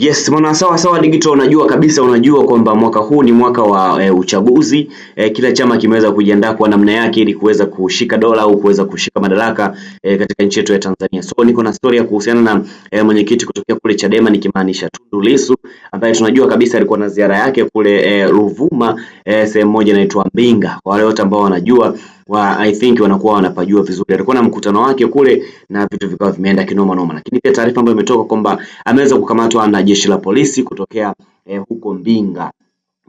Yes, mwana sawa sawa digital, unajua kabisa, unajua kwamba mwaka huu ni mwaka wa e, uchaguzi e, kila chama kimeweza kujiandaa kwa namna yake ili kuweza kushika dola au kuweza kushika madaraka e, katika nchi yetu ya Tanzania. So niko na story ya kuhusiana na e, mwenyekiti kutokea kule Chadema nikimaanisha Tundu Lissu ambaye tunajua kabisa alikuwa na ziara yake kule e, Ruvuma e, sehemu moja inaitwa Mbinga. Kwa wale wote ambao wanajua wa, I think wanakuwa wanapajua vizuri. Alikuwa na mkutano wake kule na vitu vikawa vimeenda kinoma noma, lakini pia taarifa ambayo imetoka kwamba ameweza kukamatwa na jeshi la polisi kutokea eh, huko Mbinga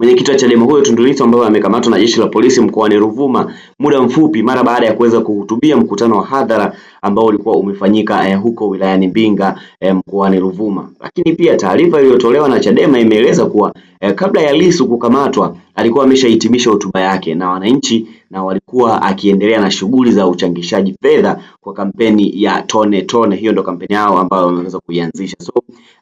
Mwenyekiti wa Chadema huyo Tundu Lissu ambaye amekamatwa na jeshi la polisi mkoani Ruvuma muda mfupi mara baada ya kuweza kuhutubia mkutano wa hadhara ambao ulikuwa umefanyika eh, huko wilayani Mbinga eh, mkoani Ruvuma. Lakini pia taarifa iliyotolewa na Chadema imeeleza kuwa eh, kabla ya Lissu kukamatwa alikuwa ameshahitimisha hotuba yake na wananchi na walikuwa akiendelea na shughuli za uchangishaji fedha kwa kampeni ya tone tone. Hiyo ndo kampeni yao ambayo wameweza kuianzisha. So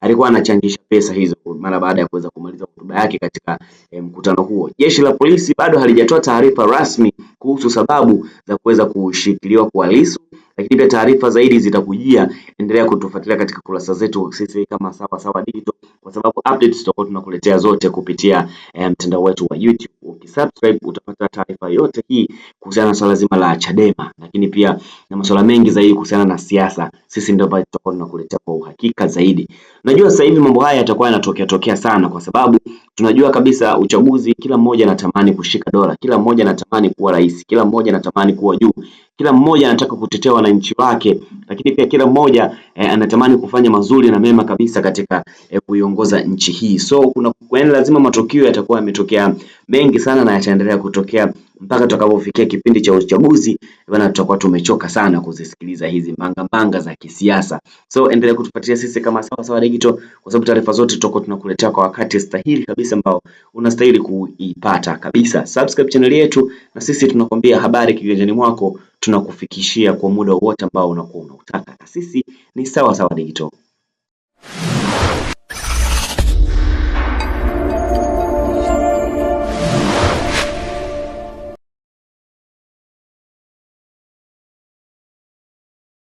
alikuwa anachangisha pesa hizo mara baada ya kuweza kumaliza hotuba yake katika eh, mkutano huo. Jeshi la polisi bado halijatoa taarifa rasmi kuhusu sababu za kuweza kushikiliwa kwa Lissu, lakini pia taarifa zaidi zitakujia. Endelea kutufuatilia katika kurasa zetu sisi kama Sawasawa Digital, kwa sababu updates tutakuwa tunakuletea zote kupitia eh, mtandao wetu wa YouTube subscribe utapata taarifa yote hii kuhusiana na swala zima la Chadema, lakini pia na masuala mengi zaidi kuhusiana na siasa. Sisi ndio ambao tutakuwa tunakuletea kwa uhakika zaidi. Najua sasa hivi mambo haya yatakuwa yanatokea tokea sana, kwa sababu tunajua kabisa uchaguzi, kila mmoja anatamani kushika dola, kila mmoja anatamani kuwa rais, kila mmoja anatamani kuwa juu, kila mmoja anataka kutetea wananchi wake lakini pia kila mmoja eh, anatamani kufanya mazuri na mema kabisa katika eh, kuiongoza nchi hii. So kuna yani lazima matukio yatakuwa yametokea mengi sana na yataendelea kutokea mpaka tutakapofikia kipindi cha uchaguzi bana, tutakuwa tumechoka sana kuzisikiliza hizi mbangambanga za kisiasa. So endelea kutupatia sisi kama Sawa Sawa Digital, kwa sababu taarifa zote tutakuwa tunakuletea kwa wakati stahili kabisa, ambao unastahili kuipata kabisa. Subscribe channel yetu, na sisi tunakwambia habari kiganjani mwako, tunakufikishia kwa muda wowote ambao unakuwa unautaka. Sisi ni Sawa Sawa Digital.